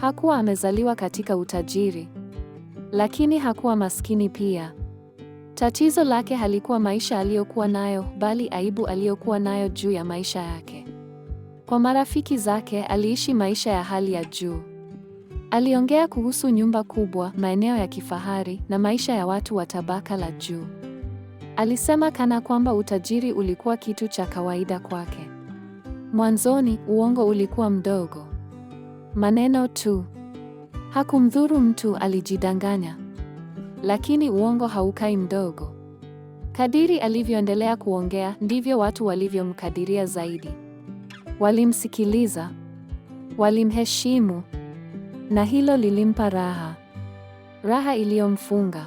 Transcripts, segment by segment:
Hakuwa amezaliwa katika utajiri, lakini hakuwa maskini pia. Tatizo lake halikuwa maisha aliyokuwa nayo, bali aibu aliyokuwa nayo juu ya maisha yake. Kwa marafiki zake, aliishi maisha ya hali ya juu. Aliongea kuhusu nyumba kubwa, maeneo ya kifahari na maisha ya watu wa tabaka la juu. Alisema kana kwamba utajiri ulikuwa kitu cha kawaida kwake. Mwanzoni, uongo ulikuwa mdogo. Maneno tu. Hakumdhuru mtu, alijidanganya. Lakini uongo haukai mdogo. Kadiri alivyoendelea kuongea, ndivyo watu walivyomkadiria zaidi. Walimsikiliza, walimheshimu, na hilo lilimpa raha, raha iliyomfunga.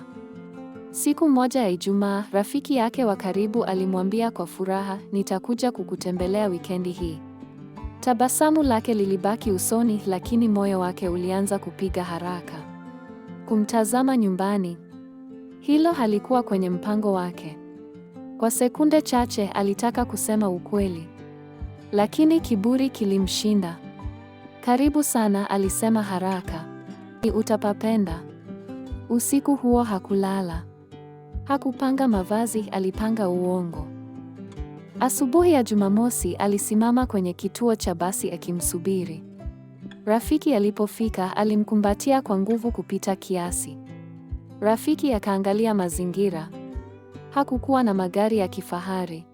Siku moja ya Ijumaa, rafiki yake wa karibu alimwambia kwa furaha, nitakuja kukutembelea wikendi hii. Tabasamu lake lilibaki usoni, lakini moyo wake ulianza kupiga haraka. Kumtazama nyumbani, hilo halikuwa kwenye mpango wake. Kwa sekunde chache alitaka kusema ukweli, lakini kiburi kilimshinda. Karibu sana, alisema haraka. ni Utapapenda. Usiku huo hakulala, hakupanga mavazi, alipanga uongo. Asubuhi ya Jumamosi alisimama kwenye kituo cha basi akimsubiri. Rafiki alipofika alimkumbatia kwa nguvu kupita kiasi. Rafiki akaangalia mazingira. Hakukuwa na magari ya kifahari.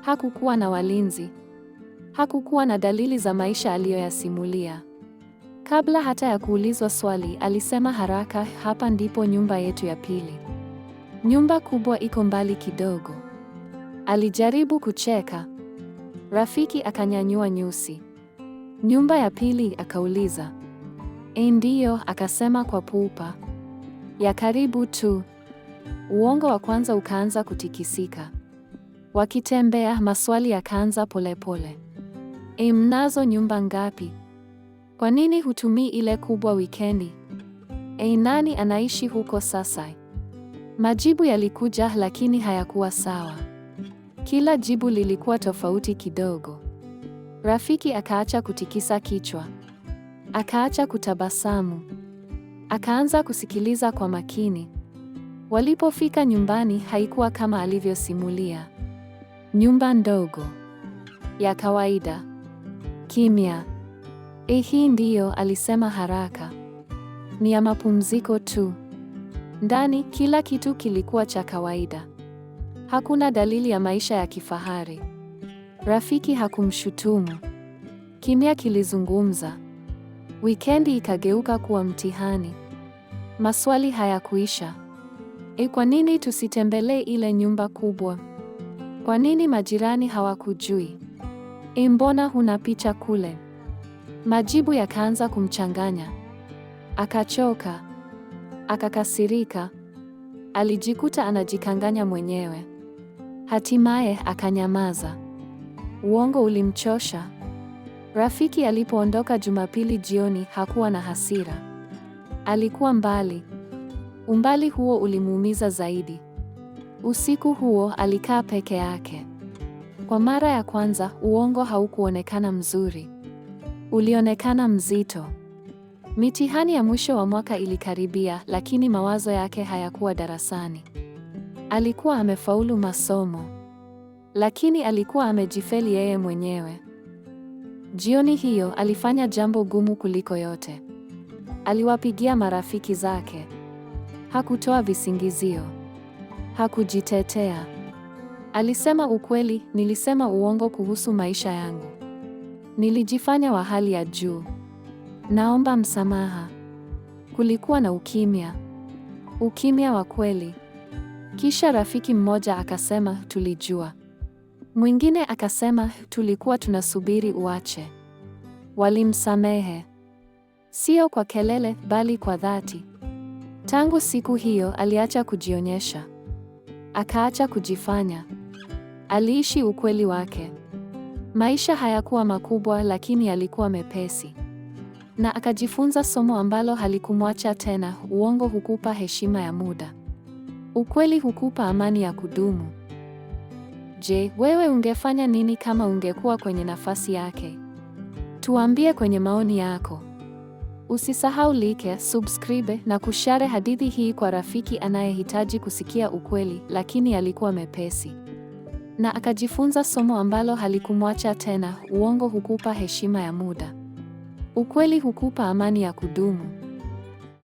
Hakukuwa na walinzi. Hakukuwa na dalili za maisha aliyoyasimulia. Kabla hata ya kuulizwa swali, alisema haraka, hapa ndipo nyumba yetu ya pili. Nyumba kubwa iko mbali kidogo. Alijaribu kucheka. Rafiki akanyanyua nyusi. Nyumba ya pili? Akauliza. E, ndiyo, akasema kwa pupa ya karibu tu. Uongo wa kwanza ukaanza kutikisika. Wakitembea, maswali yakaanza polepole. E, mnazo nyumba ngapi? Kwa nini hutumii ile kubwa wikendi? E, nani anaishi huko sasa? Majibu yalikuja lakini hayakuwa sawa. Kila jibu lilikuwa tofauti kidogo. Rafiki akaacha kutikisa kichwa, akaacha kutabasamu, akaanza kusikiliza kwa makini. Walipofika nyumbani, haikuwa kama alivyosimulia. Nyumba ndogo ya kawaida, kimya. Eh, hii ndiyo, alisema haraka, ni ya mapumziko tu. Ndani kila kitu kilikuwa cha kawaida. Hakuna dalili ya maisha ya kifahari. Rafiki hakumshutumu. Kimya kilizungumza. Wikendi ikageuka kuwa mtihani. Maswali hayakuisha. E, kwa nini tusitembelee ile nyumba kubwa? Kwa nini majirani hawakujui? E, mbona huna picha kule? Majibu yakaanza kumchanganya. Akachoka. Akakasirika. Alijikuta anajikanganya mwenyewe. Hatimaye akanyamaza. Uongo ulimchosha. Rafiki alipoondoka Jumapili jioni hakuwa na hasira. Alikuwa mbali. Umbali huo ulimuumiza zaidi. Usiku huo alikaa peke yake. Kwa mara ya kwanza, uongo haukuonekana mzuri. Ulionekana mzito. Mitihani ya mwisho wa mwaka ilikaribia, lakini mawazo yake hayakuwa darasani. Alikuwa amefaulu masomo, lakini alikuwa amejifeli yeye mwenyewe. Jioni hiyo alifanya jambo gumu kuliko yote. Aliwapigia marafiki zake. Hakutoa visingizio, hakujitetea. Alisema ukweli. Nilisema uongo kuhusu maisha yangu, nilijifanya wa hali ya juu. Naomba msamaha. Kulikuwa na ukimya, ukimya wa kweli. Kisha rafiki mmoja akasema, tulijua. Mwingine akasema, tulikuwa tunasubiri uache. Walimsamehe, sio kwa kelele, bali kwa dhati. Tangu siku hiyo aliacha kujionyesha, akaacha kujifanya. Aliishi ukweli wake. Maisha hayakuwa makubwa, lakini yalikuwa mepesi, na akajifunza somo ambalo halikumwacha tena: uongo hukupa heshima ya muda. Ukweli hukupa amani ya kudumu. Je, wewe ungefanya nini kama ungekuwa kwenye nafasi yake? Tuambie kwenye maoni yako. Usisahau like, subscribe na kushare hadithi hii kwa rafiki anayehitaji kusikia ukweli, lakini alikuwa mepesi na akajifunza somo ambalo halikumwacha tena. Uongo hukupa heshima ya muda. Ukweli hukupa amani ya kudumu.